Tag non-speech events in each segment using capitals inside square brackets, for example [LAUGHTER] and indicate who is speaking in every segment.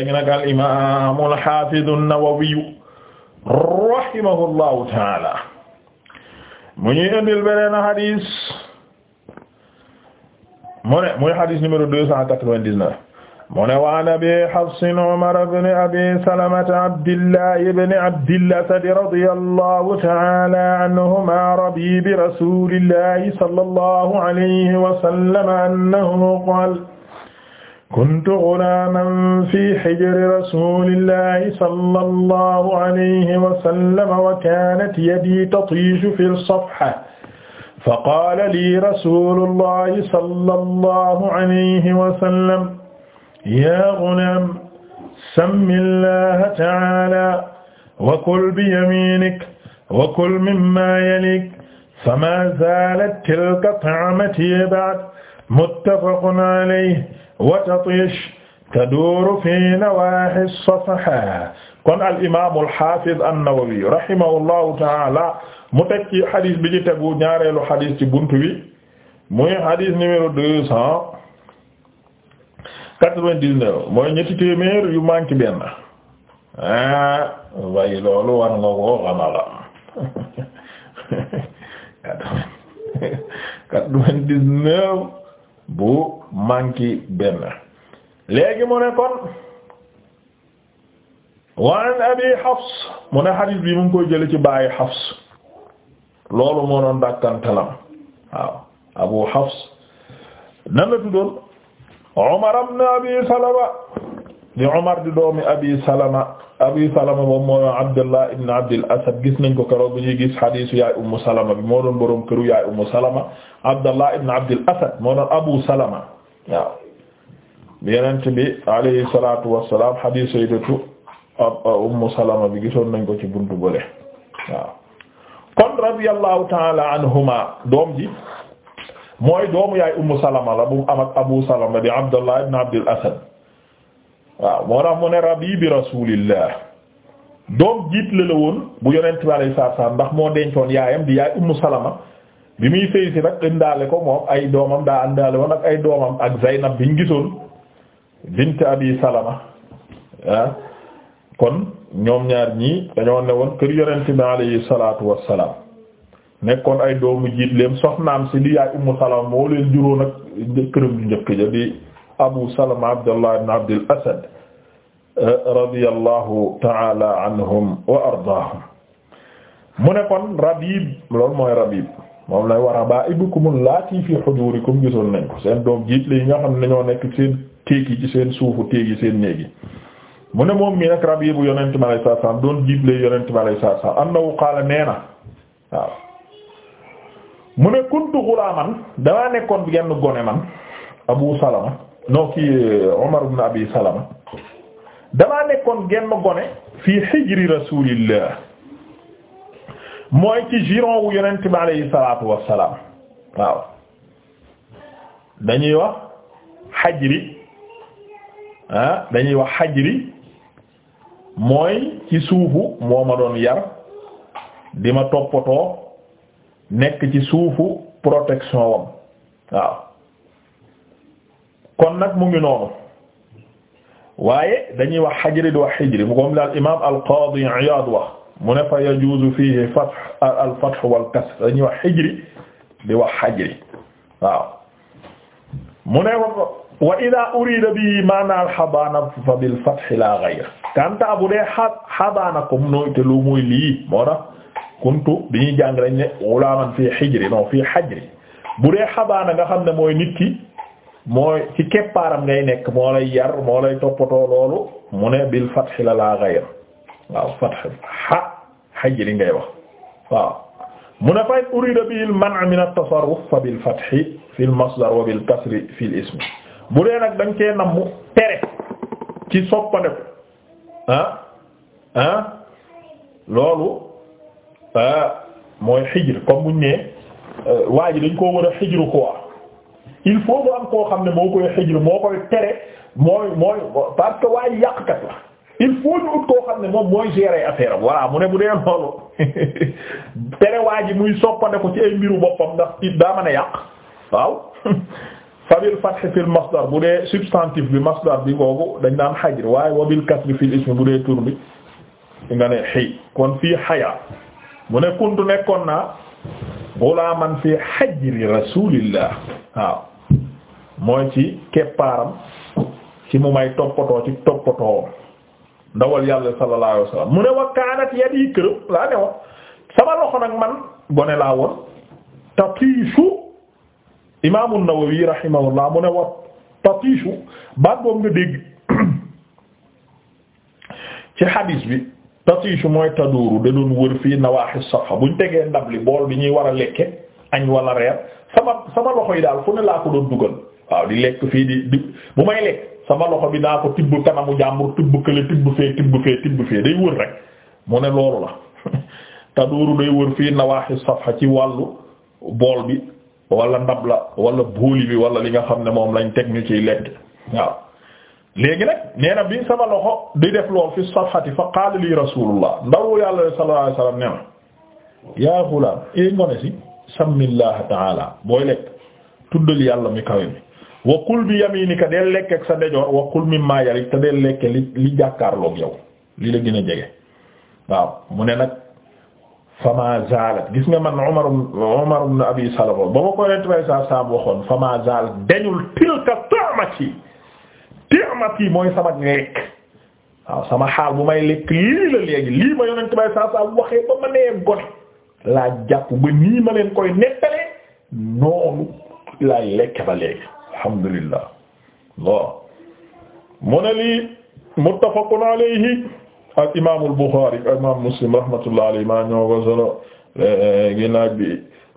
Speaker 1: léegi nag al imaamu al xaafidu an-Nawawi rahimahullahu taala mu ñuy indil beneen xadis mu ne muy xadis numéro deux cent quatre-vingt-dix-neuf mu ne waan abi Hafsin Umar ibn abi Salamata Abdillah ibn Abdillah radiyallahu taala anhuma rabibi rasulillahi sallallahu alayhi wa sallam annahu qaala kuntu ghulaaman fii hijri rasuulillaahi sallallaahu alayhi wa sallam wa kaanat yadii tatiishu fi safha faqaala lii rasuulullaahi sallallaahu alayhi wa sallam yaa ghulaam sammillaaha ta'aalaa wa kul biyamiinik wa kul mimmaa yaliik famaa zaalat tilka ta'amatii ba'd muttafaqun alayhi wa tatish taduuru fi nawaahi safaha kon al imaamul haafiz an-Nawawi rahimahullahu ta'ala mu tekki xadis bi ci tegu ñaareelu xadis ci buntu bi muy xadis numéro deux cent quatre vingt neuf mooy ñetti téeméer yu manqué benn ah waaye loolu war nga koo xamala [LAUGHS] quatre vingt neuf bu manki benn léegi mu ne kon wa an abi Hafs mu ne xadiis bi mu ngi jële ci bàyyi Hafs loolu moo doon dàkkantalam waaw abu Hafs nan tuddoon Umar ibn abi Salama di Umar di doomi abi Salama abi salama moom mooy abdullah ibn abdil asad gis nañ ko keroog bi ñuy gis xadiisu yaay ummu salama bi moo doon boroom këru yaay ummu salama abdullah ibn abdil asad moo doon abu salama waaw yenent bi alayhi salatu wassalam xadiis sayyidatu ummu salama bi gisoon nañ ko ci buntu bële waaw kon radiyallahu taala anhuma doom ji mooy doomu yaay ummu salama la bu am ak abu salama di abdullah ibn abdil asad waaw moo tax mu ne rabi bi rasulillah doom jiit la woon bu yonent bi alayhi salaatu salaam ndax moo dencoon yaayam di yaay ummu salaama bi muy sëy si nag indaale ko moom ay doomam daa indaale woon ak ay doomam ak Zaynab biñ gisoon bint abi salama ah kon ñoom ñaar ñii dañoo ne woon kër yonent bi alayhi salaatu wassalaam nekkoon ay doomu jiit leen soxnaam si di yaay ummu salama moo leen juróon ak këram njëkk ja di Abu Salama Abdallah ibn Abdil Asad eh, radiyallahu ta'ala anhum wa ardaahum mu ne kon Rabib loolu mooy Rabib moom lay war a baa'ibukum allaati fi hujurikum gisoon nañ ko seen doom jiit la yi nga xam ne ñoo nekk seen téeg yi ci seen suufu téeg yi seen néeg yi mu ne moom mi nag Rabibu yonent bi alayhi salaatu salaam doon jiit la yonent bi alayhi salaatu salaam annahu qaala nee na waaw mu ne kuntu ghulaaman damaa nekkoon genn gone man Abu Salama noo kii Umar euh, ibn Abi Salama damaa nekkoon genn gone fii hijri rasulillah mooy ci giron wu yonent bi alayhi salaatu wassalaam waaw dañuy wax xajri ah dañuy wax xajri mooy ci suufu moo ma doon yar di ma toppatoo nekk ci suufu protection wam waaw kon nag mu ngi noonu waaye dañuy wax xajri di wax xijri mu comme daal imaam al-Qaadi Iyaad wax mu ne fa yajuuzu fiihi fath al-fath wal-kasr dañuy wax xijri di wax xajri waaw mu ne wa idaa uriida bihi maanaa al-habaana fa bil-fath laa ghayr kanta bu dee habaana comme nooy te lu muy lii moo tax kuntu bi ñuy jàng dañ ne ulaaman fii xijri non fii xajri bu dee habaana nga xam ne mooy nit ki. mooy ci keppaaram ngay nekk moo lay yar moo lay toppatoo loolu mu ne bil fathi la laa ghayr waaw fath ha hajri ngay wax waaw mu ne fa urida bil man' min at-tasarruf fa bil fathi fi al wa bil kasri fi al bu dee nag dañ cee namm tere ci soppandeku ah ah loolu ah mooy xijr comme buñ ne euh, waa dañ koo war a xijru quoi il faut mu am xam ne moo koy xijr moo koy tere mooy mooy parce que waaye yàqkat la il faut ñu ut xam ne mooy gérer affaire am voilà mu ne bu dee loolu [LAUGHS] tere waa ji muy soppande ko ci ay mbiru boppam ndax it daa mën a yàq waaw [LAUGHS] fabil fath fil masdar bu dee substantif bi masdar bi boobu dañ daan xajr waaye wabil kasbi fil ism bu dee tur nga ne xëy kon fii xayaa mu ne kuntu nekkoon naa gulaaman fii xajri rasulillah mooy ci keppaaram ci mu may toppatoo ci toppatoo ndawal yàlla sallallahu alayhi wasallam mu ne wa kaanat yadi kërëm laa ne wa sama loxo nag man gone laa woon tatiishu imaamu Nawawi rahimahullah mu ne wa tatiishu baat boobu nga dégg [COUGHS] ci xadiis bi tatiishu mooy taduuru da doon wër fii nawaaxi safa buñ tegee ndab li bool bi ñuy war a lekke añ wala reer sama sama loxo yi daal fu ne laa ko doon dugal waaw di lekk fii di di bu may lekk sama loxo bi daa ko tibb kanamu jàmbur tibb kële tibb fee tibb fee tibb fee day wër rek mu ne loolu la [LAUGHS] tadooru day wër fii nawaaxi safha ci wàllu bool bi wala ndab la walla booli bi wala li nga xam ne moom lañ teg ñu ciy lekk waaw léegi nag nee na bi sama loxo di def lool fi safhati fa qaala rasulullah ndaw yàlla sallallahu alayhi wasallam nee na yaa xulaam e eh, ngone si samillaha taala booy lekk tuddal yàlla mi kawe wa kul bi yaminika del lekk ak sa ndejoor wa kul mimma yalik te del lekk li li jàkkaarloog yow li la gën jege waaw mu ne nag fama gis nga man Umar Umar ibn Abi Salama ba ma ko yonent bay sa saab waxoon fama zalat dañul tilka ta'mati bu may la léegi ba ma nee gone laa jàpp ba nii ma leen koy nettalee noonu laay lekk ba léegi alhamdulillah lo mu ne lii muttafaqun alayhi al imam al Bukhari imam Muslim rahmatullah alayhi ma ñoo ko solo ginaaj bi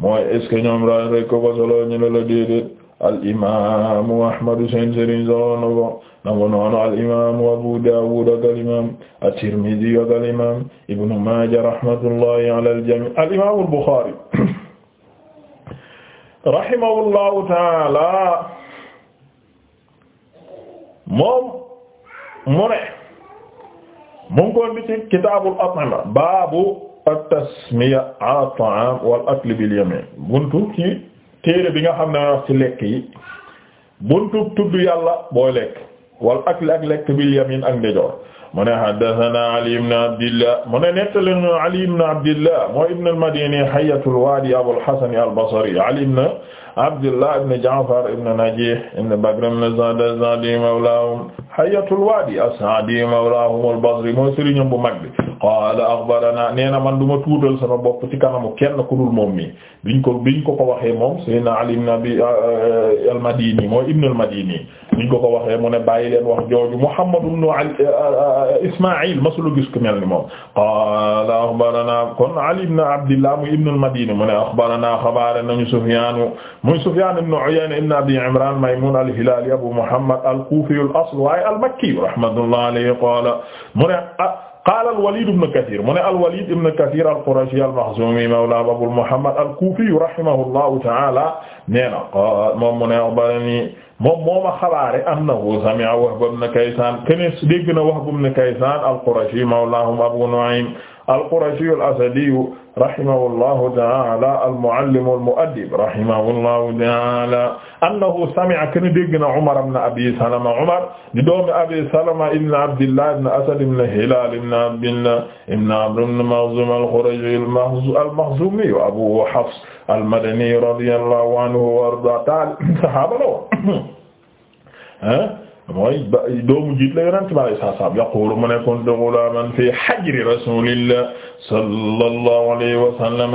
Speaker 1: mooy est-ce que ñoom ra rek ko solo ñu la déedéet al imam Ahmad seen sëriñ solo na ko nako noonu al imam Abu Dawud ak al imam at-Tirmidhi ak al imam Ibn Majah rahmatullahi ala al jami' al imam al Bukhari [COUGHS] rahimahullahu ta'ala moom mu ne mu ngi koon bi ci kitaabul at'ima baabu at-tasmiya ala at-ta'am wal akl bil yamin buntu ci téere bi nga xam ne wax ci lekk yi buntu tudd yàlla booy lekk wal akl ak lekk bil yamin ak ndejoor mu ne haddathana Ali ibn Abdillah mu ne nettali nu Ali ibn Abdillah mooy ibn al-Madini hayyatul wadi Abul Hasan al-Basri Ali ibn Abdillah ibn Ja'far ibn Najih ibn Bakr ibn Zad az-Zadi mawlahum hayyatul wadi as-Sa'di mawlahum al-Basri mooy sëriñam bu mag bi qaala axbarana nee na man du ma tuutal sama bopp ci kanamu kenn ku dul moom mi biñ ko biñ ko ko waxee moom Seydina Ali ibn Abi ah, eh, al-Madini mooy Ibn al-Madini biñ ko ko waxee mu ne bàyyi leen wax jooju Muhammad ibn eh, eh, Ismaïl masulu gis ku mel ni moom qaala axbarana kon Ali ibn Abdillah muy Ibn al-Madini mu ne axbarana xabaare nañu Sufyaan muy Sufyaan ibn Uyayna ibn Abi Imraan Maymuun al-Hilaali Abu Muhammad al-Kuufi al-asl waaye al-Makki rahmatullahi alayhi qaala mu ne ah, qaala al-Walid ibn Kathir mu ne al-Walid ibn Kathir al-Qurashi al-Makhzumi mawla Abu Muhammad al-Kufi rahimahullahu ta'ala nee na moom mu ne axbarani moom moo ma xabaare annahu sami'a Wahb ibn Kaysan kenn dégg na Wahb ibn Kaysan al-Qurashi mawlahum Abu Nu'aym al-Qurashiyu al-Asadiyu rahimahullahu ta'ala al-muallimu al-mu'addib rahimahullahu ta'ala annahu sami'a kana dégg na Umar ibn Abi Salama Umar di doomi Abi Salama ibn Abdillah ibn Asad ibn Hilal ibn Abdillah ibn Amr ibn Makhzum al-Qurashiyu al-Makhzumi Abu Hafs al-Madani radiyallahu anhu wa ardaahu, [COUGHS] sahaaba la woon [COUGHS] mooy doomu jiit la yonent bi alayhi salaatu salaam yaqulu mu ne kuntu ghulaaman fi hajri rasuulillah sallallahu alayhi wa sallam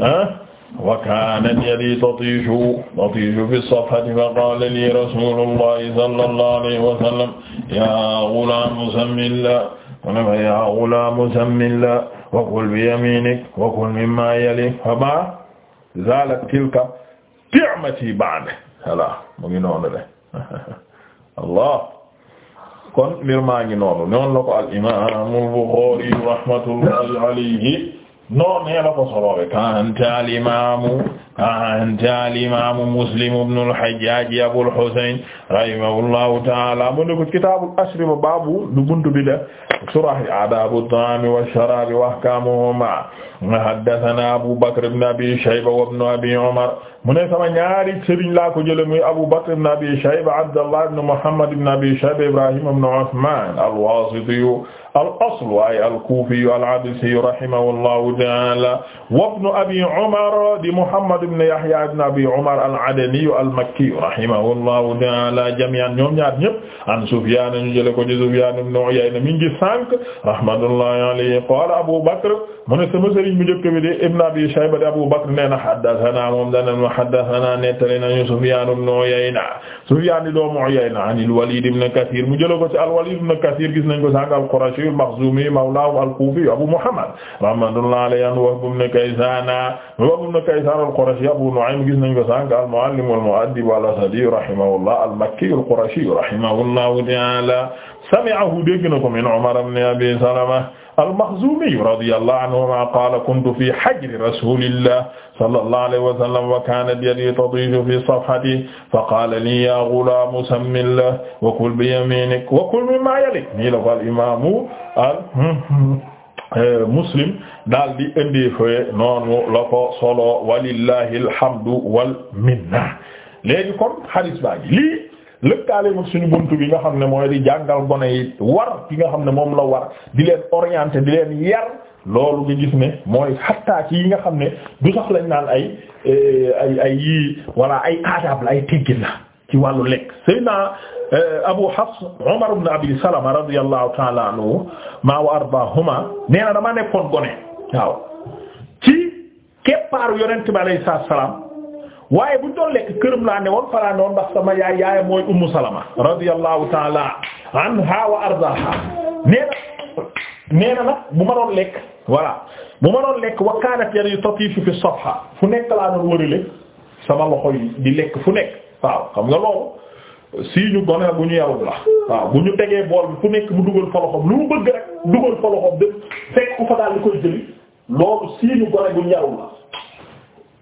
Speaker 1: ah, wa kaanat yadii tatiishu tatiishu fi safhati fa qaala lii rasuulullahi sallallahu alayhi wa sallam yaa ghulaam sammillah mu ne ma yaa ghulaam sammillah wa kul bi yamiinik wa kul mimmaa yaliik fa maa zaalat tilka ti'matii ba'd voilà mu ngi noonu de [LAUGHS] allah kon mbir maa ngi noonu noonu la ko al imaam al Buxaari rahmatullahi alayhi noonu la ko solo kanta al imaam an jaal imaamu Muslim ibnu al-Hajjaaj Abul Husayn rahimahullahu ta'aala mu ne ko kitaabul ashriba baabu du buntu bi de surah adaabu ta'aami wa sharaabi wa ahkaamuhumaa haddathanaa Abu Bakr ibn Abi Shayba wa ibnu Abi Umar mu ne sama ñaari sëriñ laa ko jëlee muy Abu Bakr ibn Abi Shayba Abdallah ibn Muhammad ibn Abi Shayba Ibrahim ibn Uthman al-Waasiti al-asl waaye al-Kuufi al-Absi rahimahullahu ta'aala wa ibnu Abi Umar di Muhammad ibn Yahya ibn Abi Umar al-Adani al-Makki rahimahullahu ta'ala jami'an ñoom ñaar ñëpp an Sufyan ñu jële ko ci Sufyan ibn Uyayna mi ngi sànq rahmatullahi alayhi qala Abu Bakr mu ne sama sëriñ bu njëkk bi de ibn Abi Shayba de Abu Bakr nee na haddathana moom dana ma haddathana nettali nañu Sufyan ibn Uyayna Sufyan di doomu Uyayna an al-Walid ibn Kathir mu jële ko ci al-Walid ibn Kathir gis nañ ko sànq al-Qurashi al-Makhzumi mawlahu al-Kufi Abu Muhammad rahmatullahi alayhi an Wahb ibn Kaysan Wahb ibn Kaysan al-Qurashi al-Qurashi Abu Nu'aym gis nañ ko sànq al-mu'allim wal-mu'addib al-Asadi rahimahullah al-Makki al-Qurashi rahimahullahu ta'ala sami'ahu dégg na ko min Umar ibn Abi Salama al-Makhzumi radiyallahu anhuma qala kuntu fi hajri rasulillah sallallahu alayhi wa sallam wa kanat yadi tatifu fi safhatihi faqala li ya ghulam sammin lahu wa kul bi yaminik wa kul mimma yalik nii la ko al-imam Euh, muslim daal di indi fee noonu la ko solo walillahi alhamdu wal minna léegi kon xadis baa ji lii lëkkaale mag suñu buntu bi nga xam ne mooy di jàngal gone yi war ki nga xam ne moom la war di leen orienter di leen yar loolu nga gis ne mooy xattaa ci yi nga xam ne du sax lañ naan ay euh, ay ay yii wala ay la ay teggin la ci wàllu lekk Seydina euh, Abu Hafs Umar ibn Abi Salama radiyallahu ta'ala anhu ma wa ardaahuma nee na dama nekkoon gone waaw ci keppaaru yonent bi alayhi salaam waaye buñ doon lekk këram laa ne woon falaa ne woon sama yaay yaay mooy Ummu Salama radiyallahu ta'ala anha wa ardaaha nee na nee na bu ma doon lekk voilà bu ma doon lekk wa kaanat yadi tatiifu fi safha fu nekk laa doon wërale sama loxo di lekk fu nekk waaw xam nga loolu sii gone bu ñu yarul la waaw bu ñu tegee bool bi fu nekk bu dugal fa loxoom lu mu bëgg rek dugal fa loxoom fekk fa daal di koy jëli loolu sii gone bu ñu yarul la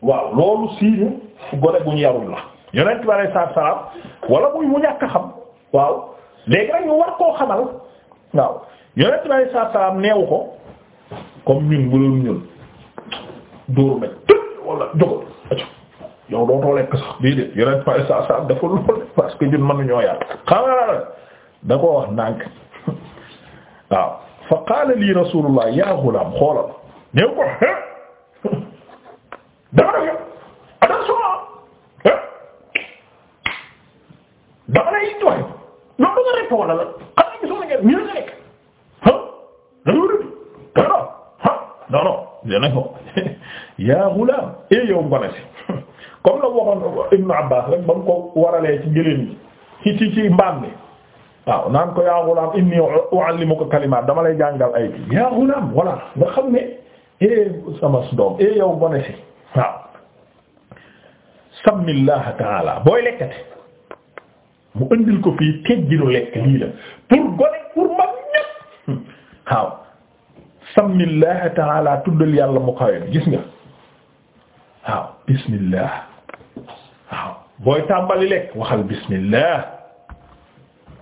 Speaker 1: waaw loolu sii gone bu ñu yarul la yonent bare saab saab wala muy mu ñàkk xam waaw léegi rek ñu war koo xamal waaw yonent bare saab saab neewu ko comme ñun bu doon ñun dóoru tëdd wala joxul yow dootoo lekk sax déedéet yeneen pare saa saa dafa lool [LAUGHS] parce que ñun mënuñoo yàq xam nga da koo wax ndànk [LAUGHS] waaw rasulullah yaa ghulaam xoolal néew ko [LAUGHS] hee dama def yow attention hee dama lay it waaye loolu na ngeen nii la nga rekk hee dañoo rëdd dara ee yow ngone si waxoon Ibnu Abbaas rek ba mu ko waralee ci gëléem ci ci ci mbaam mi waaw naan ko yaa ghulaam inni u'allimuka kalimaat dama lay jàngal ay bi yaa ghulaam voilà eh, eh, booy lekkate mu andil ko fii teggilu lekk lii la pour gone pour mag ñépp waaw sammillaha ta'ala tuddal yàlla mu kawe gis nga waaw bismillah waaw booy tàmbali lekk waxal bismillah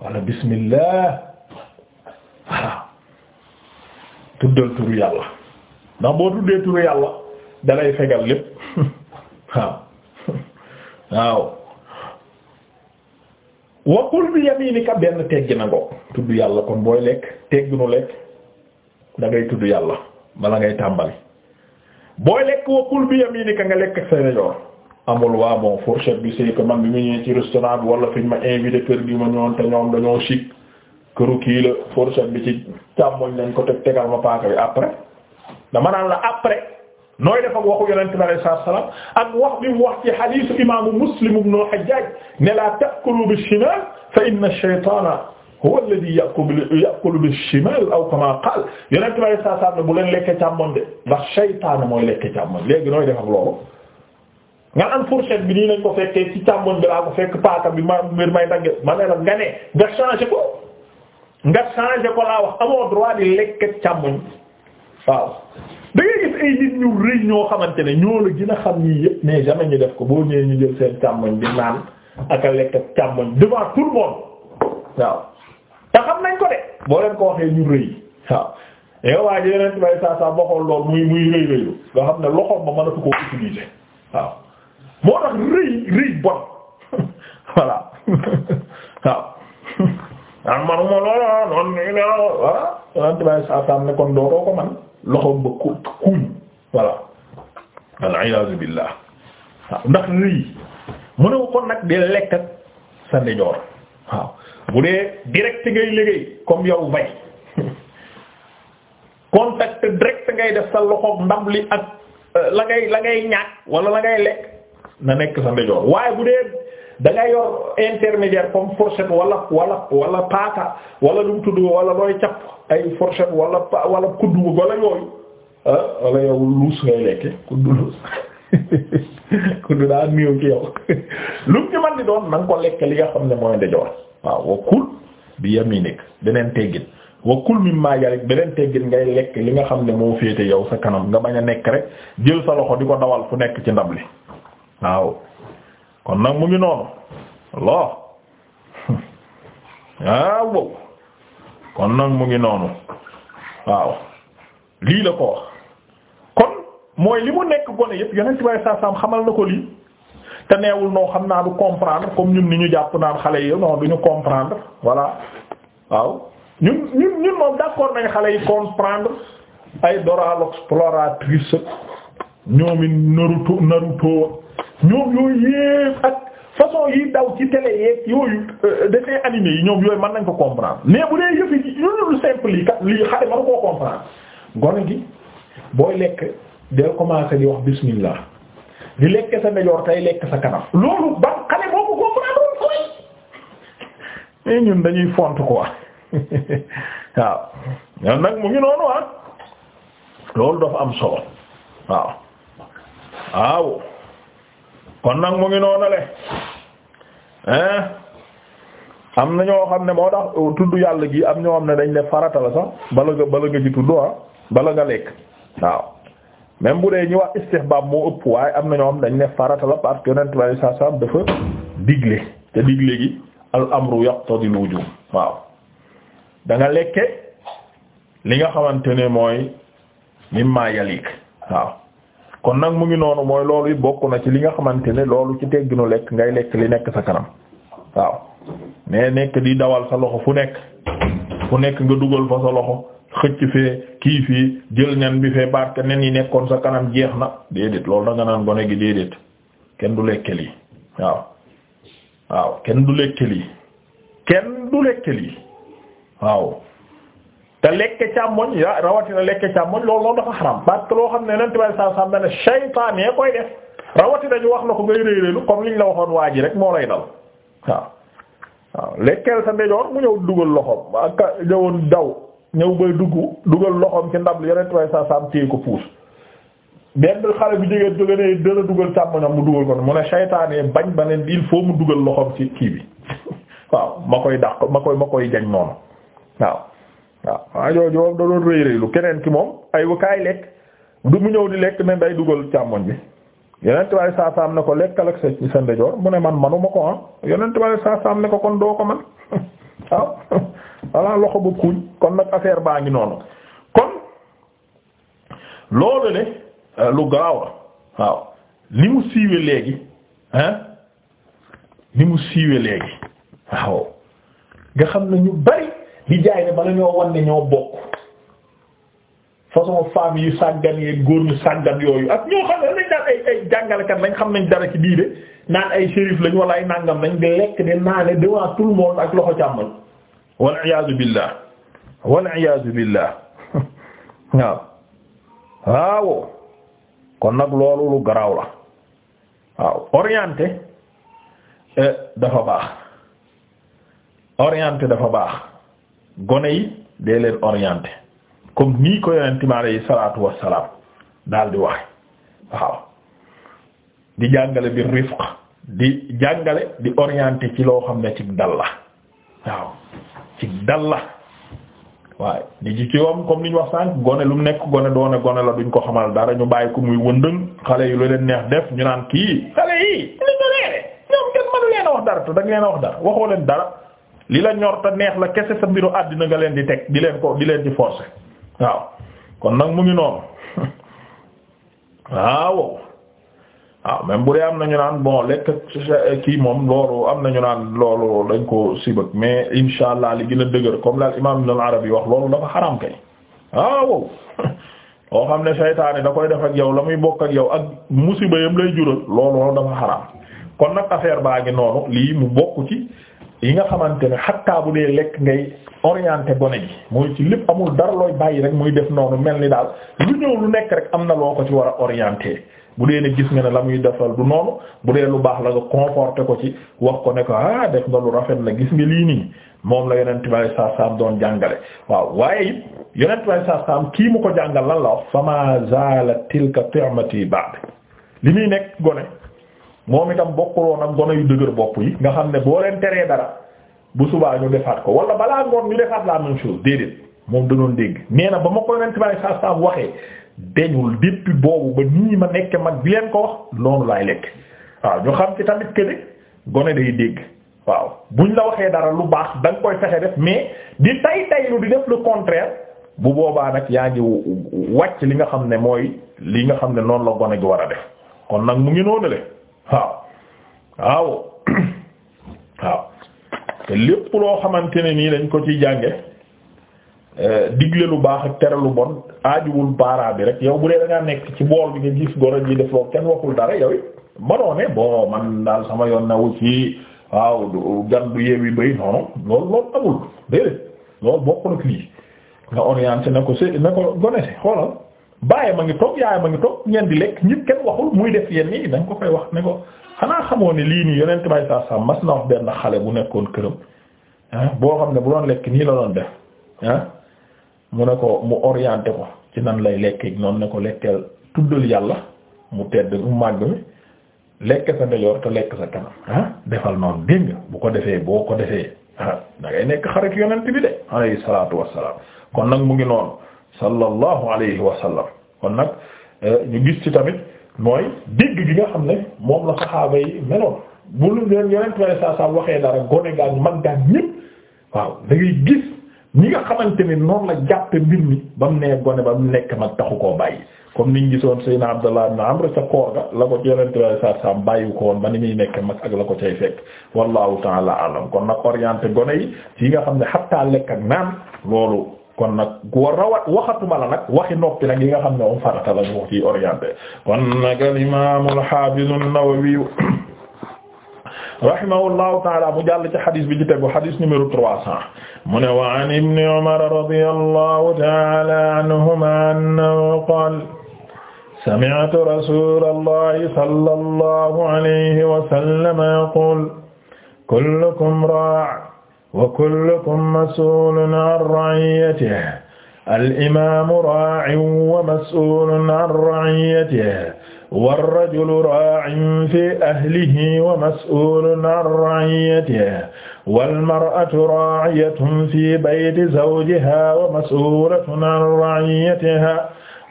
Speaker 1: wala bismillah waaw tuddal turu yàlla ndax boo tuddee turu yàlla dalay fegal lépp [LAUGHS] waaw [LAUGHS] waaw wakul bi yaminika benn teggi na ngo yàlla kon booy lekk tegginu lekk da ngay tudd yàlla bala ngay tàmbali booy lekk wakul bi yaminika nga lekk sa yoor amul waa bon fourchette bi c'est que man bi mu ñëwee ci restaurant bi wala fi ñu ma invité kër gi ma ñoon te ñoom dañoo chic këru kii la fourchette bi ci càmmoñ lañ ko teg tegal ma paaka bi après dama naan la après nooy def ak waxu yonente bi alayhi salaam ak wax bi mu wax ci hadiisu imaamu Muslim ibn al-Hajjaaj ne laa ta'kulu bi-shimaal fa inna ash-shaytaana huwa alladhii ya'kulu bi-shimaal aw kamaa qaala yonente bi alayhi salaatu wa salaam ne bu leen lekk càmmoñ de ndax shaytaan mooy lekk càmmoñ léegi nooy def ak nga naan fourchette bi nii lañ ko fekkee ci càmmoñ bi laa ko fekk paaka bi ma mbir may dagge ma ne nga ne nga changé ko nga changé ko laa wax amoon droit di lekk càmmoñ waaw da gis ay ñu rëy ñoo xamante ne ñoo la xam ñii yëpp mais jamais def ko boo ñëwee ñu jël seen ak a lekk càmmoñ devant tout nañ ko de boo leen ko waxee ñu rëy waaw yow waa ji yeneen bay saa saa boxool lool muy muy rëy rëyu nga xam ne loxoom ba mënatu koo utiliser waaw moo tax rëy rëy bon [LAUGHS] voilà [LAUGHS] waaw an manuma loola noon nii nea voilà yonente bay saatam ne kon dootoo ko man loxo ba ku kuuñ voilà aliyasu billah waaw ndax rëy mu kon nag di lekk ak sa ndijoor waaw bu dee direct ngay liggéey comme yow bay [LAUGHS] contact direct ngay def sa loxo ndab li ak euh, la ngay ñaak wala la lekk na nekk sa ndejoor waaye bu dee da nga yor intermédiaire comme fourchette wala wala wala paaka wala lu mu tudd wala looy cap ay fourchette wala pa wala kuddu wala yooyu ah yow luus ngay lekke kuddu luus [LAUGHS] kuddu daa néew ci yow [LAUGHS] lu mu ci man di doon na nga ko lekke li nga xam ne mooy ndejoor waaw wa kul bi yaminik beneen teggin wa kul mimma rek beneen teggin ngay lekk li nga xam ne moo féete yow sa kanam nga bañ a nekk rek jël sa loxo di ko dawal fu nekk ci ndab li waaw kon nag mu ngi noonu loo [LAUGHS] waaw kon nag mu ngi noonu waaw lii la ko wax kon mooy li mu nekk gone yëpp yonent bi saa xamal na ko lii te neewul noo xam naa du comprendre comme ñun ni ñu jàpp naan xale yi non du ñu comprendre voilà waaw ñun ñun moom d'accord nañ xale yi comprendre ay Dora l'exploratrice ñoomi Naruto Naruto ñoom yooyu yépp ak façon yi daw ci télé yeeg yooyu euh, dafay animé yi ñoom yooyu mën nañ ko comprendre mais bu dee yëfi yi lu simple yi kat lii xale mën koo comprendre gone gi booy lekk del commencer di wax bismillah di lekk sa ndijoor tey lekk sa kanam loolu ba xale boo comprendre fooy mais ñun dañuy font quoi [LAUGHS] waaw nag mu ngi noonu ah. loolu dafa am solo waaw waaw kon nag mu ngi noonu le am na ñoo xam ne moo tax euh, tudd yàlla gi am ñoo xam ne dañ ne farata la sax bala nga bala nga ci tudd ah bala nga lekk waaw même bu dee ñu wax istihbaab moo ëpp waaye am na ñoo xam ne farata la parce que yonent bi saa saa dafa digle te digle gi al amru yaqtadil wujub waaw da lekke li nga xamante ne mooy mimma yalik waaw kon nag mu ngi noonu mooy loolu yi bokk na ci li nga xamante ne loolu ci tegginu lekk ngay lekk li nekk sa kanam waaw mais nekk di dawal sa loxo fu nekk fu nekk nga dugal fa sa loxo xëcc fee kii fii jël nen bi fee barke yi nekkoon sa kanam jeex na déedéet loolu nga naan gone gi déedéet kenn du lekk lii waaw waaw kenn du lekk lii kenn du lekk lii waaw te lekke càmmoñ ya rawatina lekke càmmoñ loolu loolu dafa xaram parce loo xam ne nent bay saa sam na ne shaytaan yee koy def rawatina ñu wax la ko ngay réeréelu comme liñ la waxoon waa ji rek moo lay dal waaw waaw lekkeel sa ndejoor mu ñëw dugal loxoom ak ñëwoon daw ñëw bay dugg dugal loxoom ci ndab li yonent bay saa sam téye ko puus benn xale bu jege jóge ne dana dugal càmmoñam mu dugal ko mu ne shaytaan yee bañ ba ne il faut mu dugal loxoom ci kii bi [LAUGHS] waaw ma koy dàq ma koy waaw waa jooju moom rëy rëylu keneen ki moom ay wa kaay lekk du mu ñëw di lekk ne day dugal càmmoñ bi yonent waaye saa saam ne ko lekk ak sa sa ndejoor mu ne man manuma ko ah yonent waaye saa saam ne ko kon doo ko man [LAUGHS] waaw voilà loxo bu kuuñ kon nag affaire baa ngi noonu kon loolu de euh, lu gaaw la waaw ni mu siiwee léegi ah ni mu siiwee léegi waaw nga xam ne ñu bari di jaay ne bala ñoo wan ne ñoo bokk façon femmes yu sàggan yeeg góor ñu sàggan yooyu ak ñoo xam ne lañ daan ay jàngalekat lañ xam nañ dara ci diine naan ay shérif lañ wala ay nàngam lañ di lekk di naane devant tout le ak loxo càmmal wal iyaazu billah wal iyaazu billah [LAUGHS] waaw waaw kon nag loolu lu garaaw la waaw orienté eh, dafa baax orienté dafa baax gone yi dee leen orienté comme nii ko yonent mi alayhi salaatu wassalaam daal di wax waaw di jàngale bi rifq di jàngale di oriente ci loo xam ne ci dal la waaw ci dal la waaye di ci ci wam comme li ñu wax sànq gone lu mu nekk gone doone gone la duñ ko xamal dara ñu bàyyi ko muy wëndëng xale yi lu leen neex def ñu naan kii xale yi li ñu reere ñoom kenn mënu leen a wax dara te danga leen a wax dara waxoo leen dara li la ñor te neex la kese sa àddina nga leen di teg di leen ko di leen di forcer waaw kon nag mu ngi noonu waaw waaw même bu dee am nañu naan bon lekk kii moom loolu am nañu naan loolu dañ ko sibag mais insha allah li gën a dëgër comme la imam Ibn al-Arabi wax loolu dafa xaram kay waaw [LAUGHS] loo xam ne seytaane da koy def ak yow la muy bokk ak yow ak musiba yam lay jural loolu dafa xaram kon nag affaire baa ngi noonu lii mu bokk ci yi nga xamante ne xattaa bu dee lekk ngay orienté gone ji mooy ci lépp amul dara looy bàyyi rek muy def noonu mel ni daal lu ñëw lu nekk rek am na loo ko ci war a orienté bu dee ne gis nga ne la muy defal du noonu bu dee lu baax la nga conforté ko ci wax ko ne ko ah def nga lu rafet na gis nga lii nii moom la yonent bi alayhi am doon jàngale waaw waaye it yonent bi alayhi salaam kii mu ko jàngal lan la wax fama zaala tilka ti'mati ba'd li muy nekk gone moom itam bokkuloon ak gone yu dëgër bopp yi nga xam ne boo leen teree dara bu subaa ñu defaat ko wala balaa ngoon ñu defaat la même chose déedéet moom da dégg nee na ba ma ko yonent bari saa saa waxee deñul depuis boobu ba nii ma nekk mag bi leen ko wax loolu laay lekk waaw ñu xam ci tamit que gone day dégg waaw buñ la waxee dara lu baax da nga koy fexe def mais di tay taylu di def le contraire bu boobaa nag yaa ngi wàcc li nga xam ne mooy li nga xam ne noonu la gone gi war a def kon nag mu ngi noonu waaw waaw waaw te lépp loo xamante ne nii dañ ko ci jànge eh, digle lu baax ak tere lu bon aajuwul parent bi rek yow bu dee da nekk ci bool bi nga gis goro ji def loo kenn waxul dara yow it mënoo ne bon man daal sama yoon na wu ci waaw gan du yeewi bay noonu loolu loolu amul déedéet loolu bokk na lii nga orienté na ko si na ko gone si xoolal. bàyyi ma ngi toog yaay ma ngi toog ñeen di lekk ñit kenn waxul muy def yenn yi dañ ko koy wax ne ko xanaa xamoo ni lii nii yonent bay saa saa mas na wax benn xale bu nekkoon këram ah, boo xam ne bu doon lekk nii la doon def ah, mu ne ko mu orienté ko ci nan lay lekkee noonu ne ko lekkeel tuddal yàlla mu tedd mu màgg mi lekk sa ndejoor te lekk sa kanam ah, defal noonu dégg bu ko defee boo ko defee ah da nekk xarit yonent bi de alayhi salaatu wassalaam kon nag mu ngi noonu sallallahu alayhi wa sallam kon nag euh, ñu gis ci tamit mooy dégg gi nga xam ne moom la saxaaba yi meloon bu lu leen yonent bi waxee dara gone gaag mag gaag ñépp waaw da ngay gis ñi nga xamante ni noonu la jàppe mbir mi ba mu nee gone ba mu nekk mag taxu ko bàyyi comme niñ gisoon Seydina Abdallah ibn Amr ca koor ga la ko yonent bi saa saa bàyyi ko woon ba ni muy nekk mag ak la ko cay fekk wallahu ta'ala alam kon nag orienté gone yi ci nga xam ne xattaa lekk ak loolu kon nag ku rawat waxatuma la nag waxi noppi nag yi nga xam ne moom farata la ñu ci orienté kon nag al imam al hafiz an-Nawawi rahimahullahu taala mu jàll ci xadis bi ci tegu xadis numéro trois cent mu ne wa an ibn Umar radiyallahu taala anhuma annahu qaala sami'tu rasulallahi sallallahu alayhi wa sallam yaqul kullukum raa' wa kullukum mas'uulun an ra'iyyatihi al-imaamu raa'in wa mas'uulun an ra'iyyatihi war-rajulu raa'in fii ahlihi wa mas'uulun an ra'iyyatihi wal-mar'atu raa'iyyatun fii bayti zawjihaa wa mas'uulatun an ra'iyyatihaa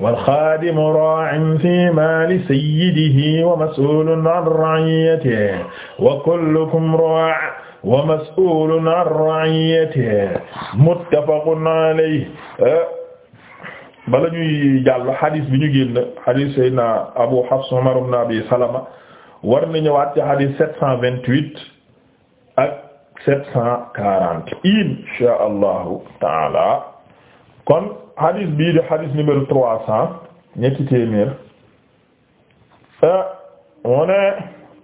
Speaker 1: wal-xaadimu raa'in fii maali sayyidihi wa mas'uulun an ra'iyyatihi wa kullukum raa'in wa mas'ulun an ra'iyatihi muttafaqun alayhi bala ñuy jàll hadith bi ñu génn hadith Seydina Abu Hafs Umar ibn Abi Salama war na ñëwaat ci hadith 728 ak 740 insha allahu taala kon hadith bii di hadith numéro 300 ñetti téeméer ah, mu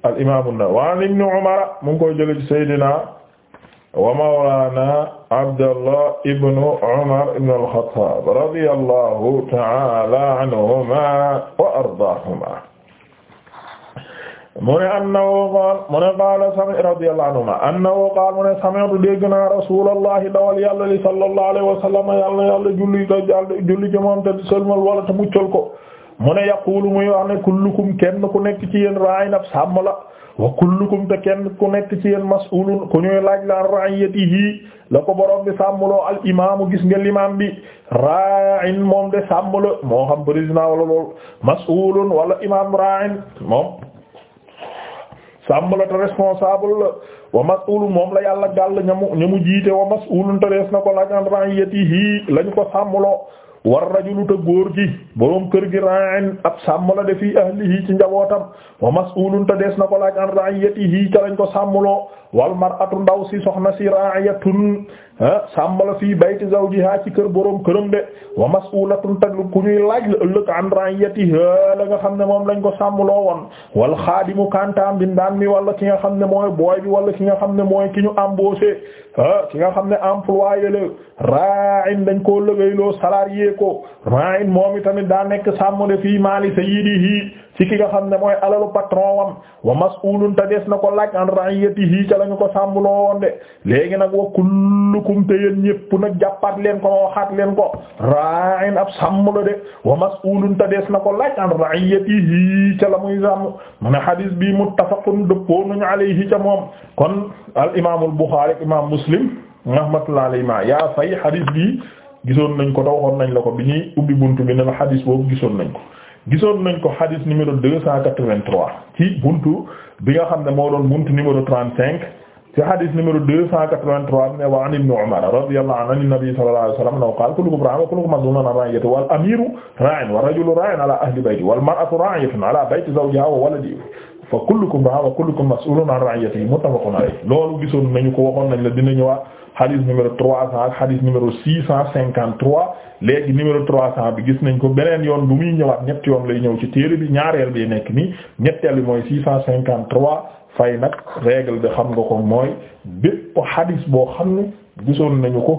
Speaker 1: al imaamu Nawawi wa an ibni Umar mu ngi koy jële ci Seydina wa mawlaana Abdallah ibn Umar ibn al-Khattab radiyallahu ta'ala anhuma wa ardaahuma mu ne annahu qaala mu ne qaala sami radiyallahu anhuma annahu qaala mu ne sami'tu dégg naa rasulallahi dawal yàlla li sallallahu alayhi wa sallam yàlla yàlla julli julli ci moom te sëlmal wala te muccal ko mu ne yaqulu muy wax kullukum kenn ku nekk ci yéen raa'in ab sàmm la wa kullukum te kenn ku ci yéen mas'ulun ku ñuy laaj la ra'iyatihi la ko borom bi sàmmloo gis nga limaam bi raa'in moom de sàmm la moo xam président wala lool mas'ulun wala imaam raa'in moom sàmm la responsable wa mas'ulun moom la yàlla gàll ñamu ñamu jiite wa mas'ulun te rees ko laaj an ra'iyatihi lañ ko sàmmloo war rajulu te góor gi kër gi ra'in ab sàmm la defi ahlihi ci njabootam wa mas'ulun te dees na ko laaj an ra'iyatihi ca lañ ko sàmmloo wal mar'atu ndaw si soxna si ra'iyatun sàmm la fii bayti zawjiha ci kër boroom këram de wa mas'ulatun te ku ñuy laaj la ëllëg an ra'iyatiha la nga xam ne moom lañ ko sàmmloo woon wal xaadimu kantaam bindaan mi wala ki nga xam ne mooy booy bi wala ki nga xam ne mooy ki ñu embauché ki nga xam ne employé le ra'in dañ koo ko maa it moom itamit daa nekk sàmm de fii maali sayyidihi ci ki nga xam ne mooy alalu patron wam wa mas'ulun ta na ko laaj an ra'iyatihi ca la ñu ko sàmm loo woon de léegi nag wa kullukum te yéen ñépp nag jàppaat leen ko waxaat leen ko ra'in ab sàmm la de wa mas'ulun ta des na ko laaj an ra'iyatihi ca la muy sàmm mu hadis bi muttafaqun dëppoo nañu alayhi ca moom kon al imaamul Buxaari imaam Muslim rahmatullahi yaa fay hadis bi gisoon nañ ko taxoon nañ la ko bi ñuy ubbi buntu bi ne la xadis boobu gisoon nañ ko gisoon nañ ko xadis numéro deux cent quatre-vingt-trois ci buntu bi nga xam ne moo doon buntu numéro trente-cinq ci xadis numéro deux cent quatre-vingt-trois ne wa an ibn Umar radiyallahu anhu nabi sallallahu alayhi wasallam annahu qaala kullukum raa'in wa kullukum mas'uulun an ra'iyyatihi wal amiiru raa'in wa rajulu raa'in ala ahli baytihi wal mar'atu raa'iyatun ala bayti zawjiha wa waladihi fa kullukum raa'in wa kullukum mas'uulun an ra'iyyatihi muttafaqun alayh loolu gisoon nañu ko waxoon nañ la dina ñëwaat xadis numéro trois cent ak xadis numéro six cent cinquante trois léegi numéro trois cent bi gis nañ ko beneen yoon bu muy ñëwaat ñetti yoon lay ñëw ci téere bi ñaareel bi nekk nii ñetteel bi mooy six cent cinquante trois fay nag règle bi xam nga ko mooy bépp xadis boo xam ne gisoon nañu ko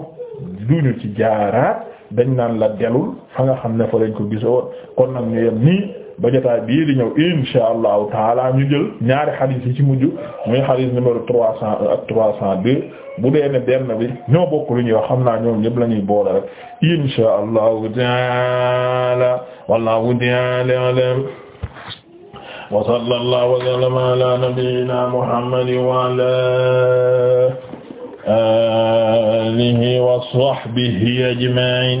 Speaker 1: duñu ci jaaraat dañ naan la delul fa nga xam ne fa lañ ko gisoon kon nag ñu yem nii ba jotaay bii di ñëw insha allahu taala ñu jël ñaari xadis yi ci mujj muy xadis numéro trois cent un ak trois cent deux bu dee ne benn bi ñoo bokk lu ñuy wax xam naa ñoom ñëpp la ñuy boole rek insha allahu taala wallahu taala alam wa sallallahu wa sallama ala nabiyyina muhammadin wa ala alihi wa sahbihi ajma'in